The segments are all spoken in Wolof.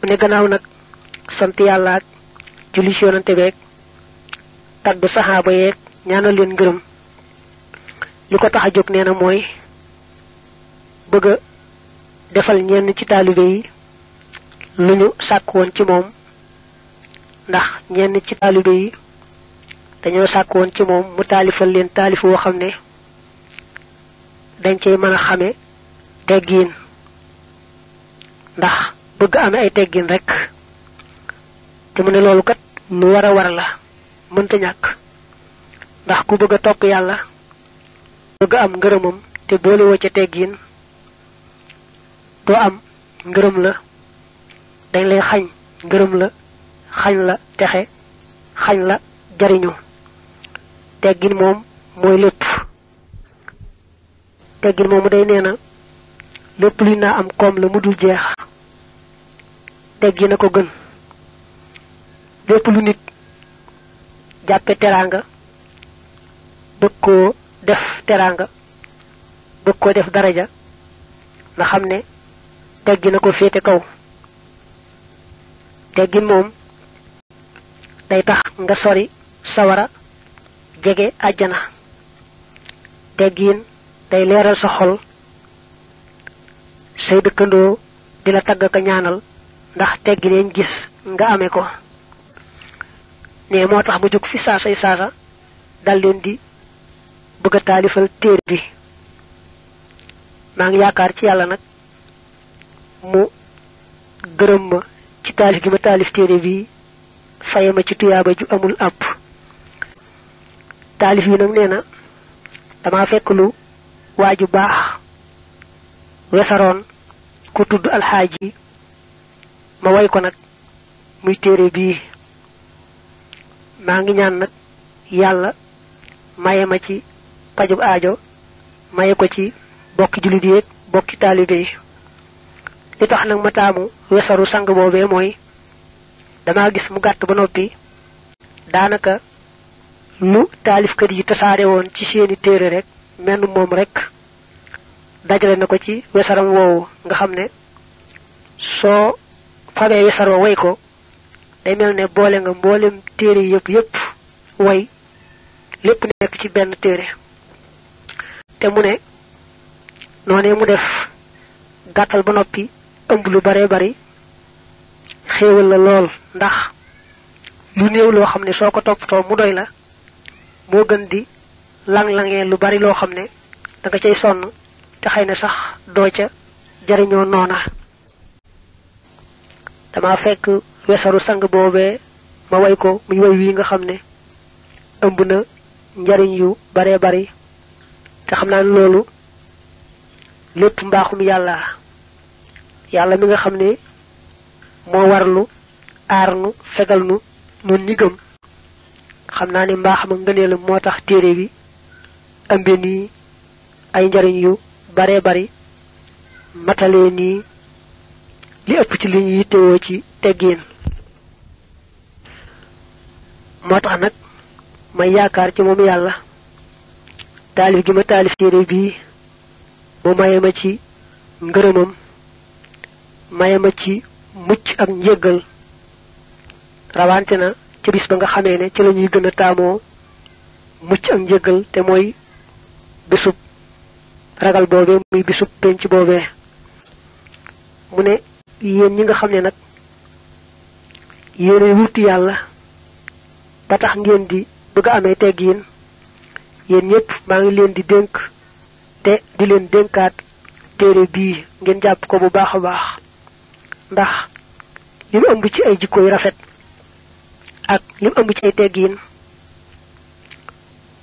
mu ne gannaaw nag sant yàlla ak julli ci yonante tagg saxaaba yeeg ñaanal leen ngërëm li ko tax a jóg nee na mooy bëgg a defal ñenn ci taalibe yi lu ñu sàkk woon ci moom ndax ñenn ci taalibe yi dañoo sàkk woon ci moom mu taalifal leen taalif woo xam ne dañ cey mën a xame teggiin ndax bëgg amé ay teggin rek té mu loolu kat wara war la mënta ñàkk ndax ku bëgg tok yalla bëgg am ngërëmam te boole wo ci teggin do am ngërëm la dañ lay xañ ngërëm la xañ la téxé xañ la jariñu teggin mom moy lepp teggin mom day néna lepp li na am kom la mudul jeex teggi na ko gën unit, lu nit jàppe teranga bëgg ko def teranga bëgg ko def daraja na xam ne teggi na ko féete kaw teggin moom day tax nga sori sawara jege àjjana teggin day leeral sa xol say dëkkandoo di la tagg ka ñaanal ndax teggi leen gis nga amé ko ne motax bu juk fi saasa saasa dal leen di bëgg talifal téer bi maa ngi yaakaar ci yàlla nag mu gërëm ma ci taalif gi ma taalif téere bi faye ma ci tuyaaba ju amul app taalif yi nag nee na dama fekk lu waaju baax wesaroon ku tudd ma way ko nag muy téere bii maa ngi ñaan nag yàlla maye ma ci pajub aajo maye ko ci bokki jullit yi bokki taalibe yi li tax nag ma taamu wesaru sang boobee mooy damaa gis mu gàtt ba noppi daanaka lu kër yi tasaare woon ci seeni téere rek menn moom rek dajale na ko ci wesaram woowu nga xam ne soo xobee wi saroo way ko day mel ne boole nga mboolem téere yépp yëpp way lépp nekk ci benn téere te mu ne noonee mu def gàttal ba noppi ëmb lu baree bari xéewal la lool ndax lu néew loo xam ne soo ko toppatoo mu doy la moo gën di lang-langee lu bari loo xam ne danga cey cay sonn te xëy na sax doo ca jariñoo noona dama fekk wesaru sang boobee ma way ko muy way wii nga xam ne ëmb na njariñ yu baree bari te xam naa ne loolu lépp mbaaxum yàlla yàlla mi nga xam ni moo warlu aar nu fegal nu nun ñi xam naa ni mbaax ma ngënee moo tax téere bi ëmbe nii ay njariñ yu baree bari matalee nii li ëpp ci li ñuy yittewoo ci teggiin moo tax nag may yaakaar ci moom yàlla taalif gi ma taalif téere bii mu maye ma ci ngërëmam maye ma ci mucc ak njëggal rawante na ci bis ba nga xamee ne ci la ñuy gën a taamoo mucc ak njëggal te mooy bisub ragal boobee muy bisub penc boobee mu ne yeen ñi nga xamne nak nag wut yalla ba tax ngeen di bëgg amé teggiin yeen ñepp ma ngi leen di denk, te di leen dénkaat téré bi ngeen japp ko bu baaxa baax ndax ëmb ci ay jikko yu rafet ak lim ëmb ci ay teggiin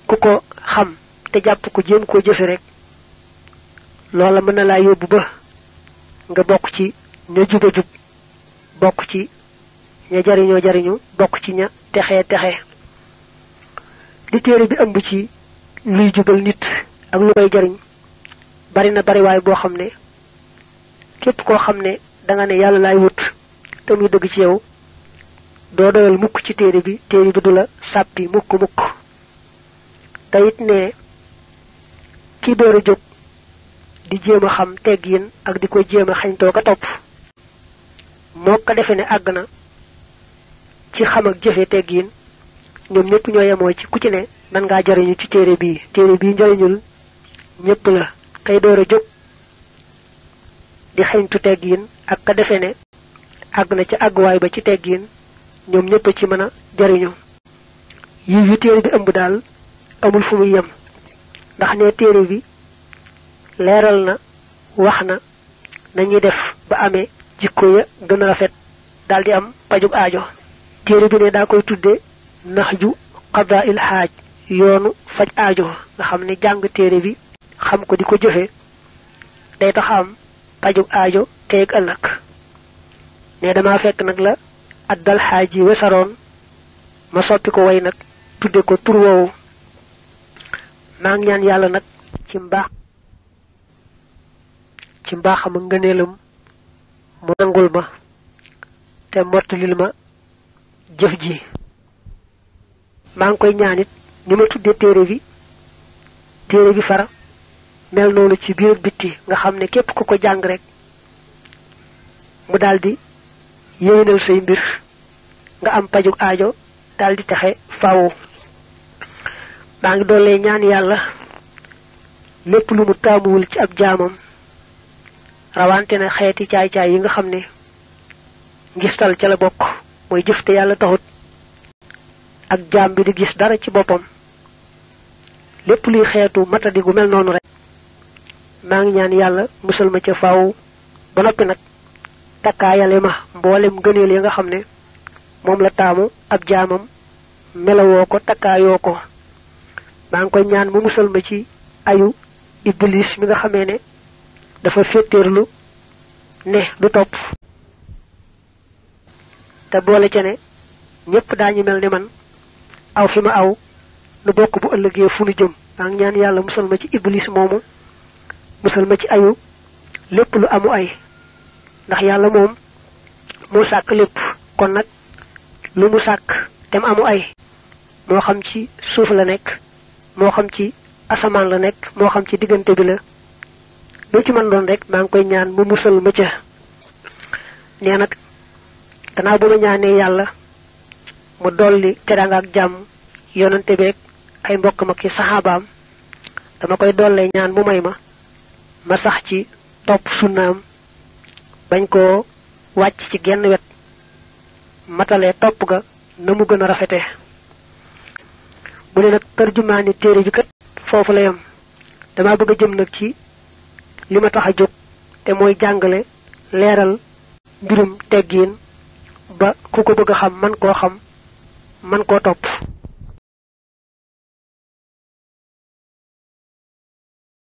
ku ko xam te japp ko jëm ko jëfe rek loola mën na laa ba nga bokk ci ña jub jub bokk ci ña jariñoo jariñu bokk ci ña texe texe li téere bi ëmb ci luy jubal nit ak lu koy jariñ bari na bariwaay boo xam ne képp koo xam ne danga ne yàlla laay wut te muy dëgg ci yow doo doyal mukk ci téere bi téere bi du la sàppi mukk mukk te ne ki door jóg di jéem a xam teggin ak di ko jéem a xañtoo ka topp moo ko defee ne àgg na ci xam ak jëfe teggiin ñoom ñëpp ñoo yemoo ci ku ci ne mën ngaa jariñu ci téere bii téere bii njariñul ñëpp la kay door a jóg di xeñtu teggiin ak ka defe ne àgg na ca àgguwaay ba ci teggiin ñoom ñëpp ci mën a jariñu yiw yu téere bi ëmb daal amul fu muy yem ndax ne téere bi leeral na wax na nañuy def ba amee jikko ya gën rafet daldi am pajuk aajo téré bi né da koy tudde nahju qada'il haaj yoonu faj aajo nga xamni jang téré bi xam ko diko jëfé day tax am pajug aajo teeg ëllëg né dama fekk nak la addal haaji yi saron ma soppi ko way nak tudde ko tur woowu maa ngi ñaan yalla nak ci mbax ci ngeenelum mu nangul ma te mottalil ma jëf ji maa ngi koy ñaanit ni ma tuddee téere bi téere bi far mel noonu ci biir biti nga xam ne képp ku ko jàng rek mu daldi yéwénal say mbir nga am pajug aajo daldi taxe faaw maa ngi doon ñaan yàlla lépp lu mu taamuwul ci ab jaamam rawante na xeeti caay-caay yi nga xam ne ngistal ca la bokk mooy jëf te yàlla taxut ak jaam bi di gis dara ci boppam lépp luy xeetu matadi gu mel noonu rek maa ngi ñaan yàlla musal ma ca faw ba noppi nag takkaayale ma mboolem gëneel yi nga xam ne moom la taamu ab jaamam melawoo ko takkaayoo ko maa ngi koy ñaan mu musal ci ayu iblis mi nga xamee ne dafa féeteerlu ne du topp te boole ca ne ñépp daañu mel ni man aw fi aw nu bokk bu ëllëgee fu nu jëm maa ñaan yàlla musal ma ci iblis moomu musal ma ci ayu lépp lu amu ay ndax yàlla moom moo sàkk lépp kon nag lu mu sàkk tem amu ay moo xam ci suuf la nekk moo xam ci asamaan la nekk moo xam ci diggante bi la lu ci man doon rek maa ngi koy ñaan mu musal ma ca nee nag gannaaw ba ma ñaanee yàlla mu dolli teranga ak jàmm yonante beeg ay mbokk ma ki saxaabaam dama koy dolle ñaan mu may ma sax ci topp sunnaam bañ koo wàcc ci genn wet matale topp ga na mu gën a rafete bu ne nag tërjumaani téere ju kat foofu la yam dama bëgg jëm nag ci li ma tax a jóg te mooy jàngale leeral mbirum teggiin ba ku ko bëgg a xam man koo xam man koo topp